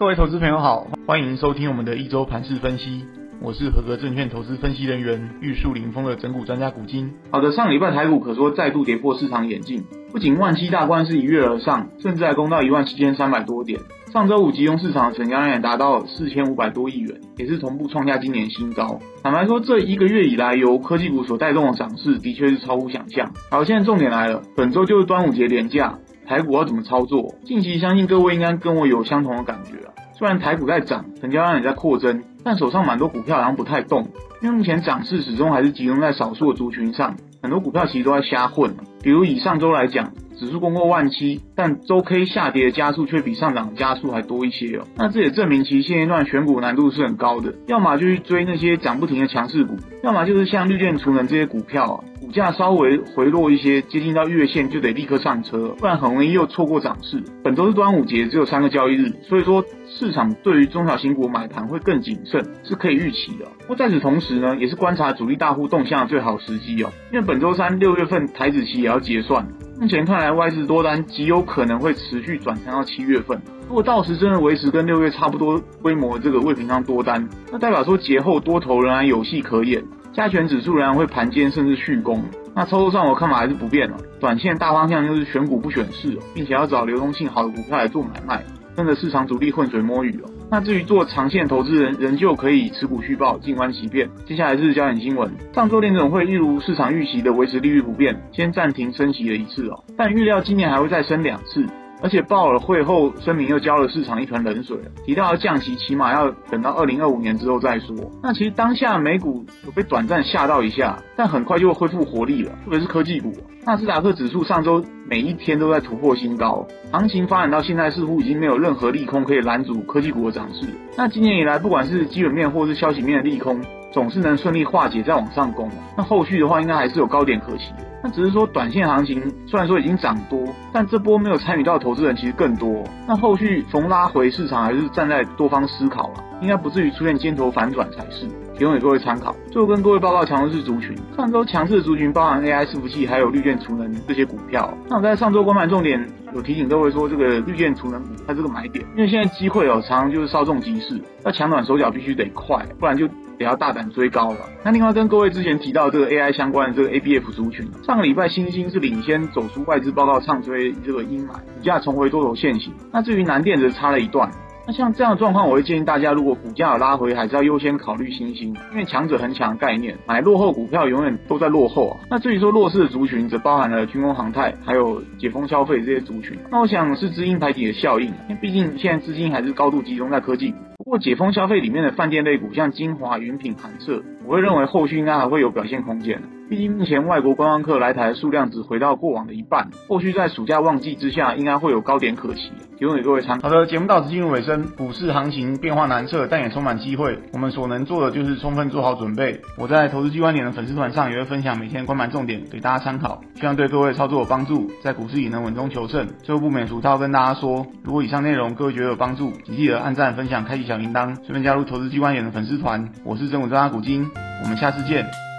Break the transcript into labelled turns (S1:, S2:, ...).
S1: 各位投資朋友好，歡迎收聽我們的一周盤勢分析。我是合格證券投資分析人員玉樹臨風的拯股專家股晶。好的，上禮拜台股可說再度跌破市場眼鏡，不僅萬七大關是一躍而上，甚至還攻到一萬七千三百多點。上周五集中市場的成交量也達到了四千五百多億元，也是同步創下今年新高。坦白說，這一個月以來由科技股所帶動的漲勢，的確是超乎想象。好，現在重點來了，本周就是端午節連假。台股要怎麼操作？近期相信各位應該跟我有相同的感覺啊。雖然台股在漲，成交量也在擴增，但手上蠻多股票好像不太動，因為目前漲勢始終還是集中在少數的族群上，很多股票其實都在瞎混。比如以上周來講。指數攻過萬七，但周 K 下跌的家數卻比上漲家數還多一些哦。那這也證明，其實現階段選股難度是很高的。要麼就去追那些漲不停的強勢股，要麼就是像綠電儲能這些股票，啊，股價稍微回落一些，接近到月線就得立刻上車，不然很容易又錯過漲勢。本周是端午節，只有三個交易日，所以說市場對於中小型股買盤會更謹慎，是可以預期的。不過在此同時呢，也是觀察主力大戶動向的最好的時機哦。因為本周三六月份台指期也要結算。目前看來，外資多單極有可能會持續轉倉到七月份。如果到時真的維持跟六月差不多規模的這個未平倉多單，那代表說節後多頭仍然有戲可演，加權指數仍然會盤堅甚至續攻。那操作上我看法還是不變了，短線大方向就是選股不選市，並且要找流動性好的股票來做買賣，跟着市場主力渾水摸魚哦。那至於做長線投資人，仍舊可以持股續抱，靜觀其變。接下來是焦點新聞，上周聯準會一如市場預期的維持利率不變，先暫停升息了一次哦，但預料今年還會再升兩次。而且鮑爾會後聲明又澆了市場一盆冷水了，提到降息起碼要等到二零二五年之後再說。那其實當下美股有被短暫嚇到一下，但很快就會恢復活力了，特別是科技股。納斯達克指數上周每一天都在突破新高，行情發展到現在似乎已經沒有任何利空可以攔阻科技股的漲勢。那今年以來，不管是基本面或是消息面的利空。總是能順利化解，再往上攻、啊。那後續的話，應該還是有高點可期，那只是說，短線行情雖然說已經漲多，但這波沒有參與到投資人其實更多。那後續從拉回市場，還是站在多方思考了、啊，應該不至於出現尖頭反轉才是。提供給各位參考。最後跟各位報告強勢族群，上周強勢族群包含 AI 伺服器，還有綠電儲能這些股票。那我在上周觀盤重點有提醒各位說，這個綠電儲能它這個買點，因為現在機會有、喔、常常就是稍縱即逝，那搶短手腳必須得快，不然就，也要大膽追高了。那另外跟各位之前提到的這個 AI 相關的這個 ABF 族群，上個禮拜欣興是領先走出外資報告唱衰這個陰霾，股價重回多頭線型。那至於南電則差了一段。那像這樣的狀況，我會建議大家如果股價有拉回，還是要優先考慮欣興，因為強者恆強概念，買落後股票永遠都在落後啊。那至於說弱勢的族群，則包含了軍工、航太，還有解封消費這些族群。那我想是資金排擠的效應，因為畢竟現在資金還是高度集中在科技股。或解封消費裡面的飯店類股像精，像晶華雲品、寒舍。我會認為後續應該還會有表現空間，畢竟目前外國觀光客來台數量只回到過往的一半，後續在暑假旺季之下，應該會有高點可期，提供給各位參考。好的，節目到此進入尾聲，股市行情變化難測，但也充滿機會，我們所能做的就是充分做好準備。我在投資 G 觀點的粉絲團上也會分享每天關門重點，給大家參考，希望對各位操作有幫助，在股市也能穩中求勝。最後不免俗套，跟大家說，如果以上內容各位覺得有幫助，請記得按讚、分享、開啟小鈴鐺，順便加入投資 G 觀點的粉絲團。我是拯股專家股晶。我們下次見。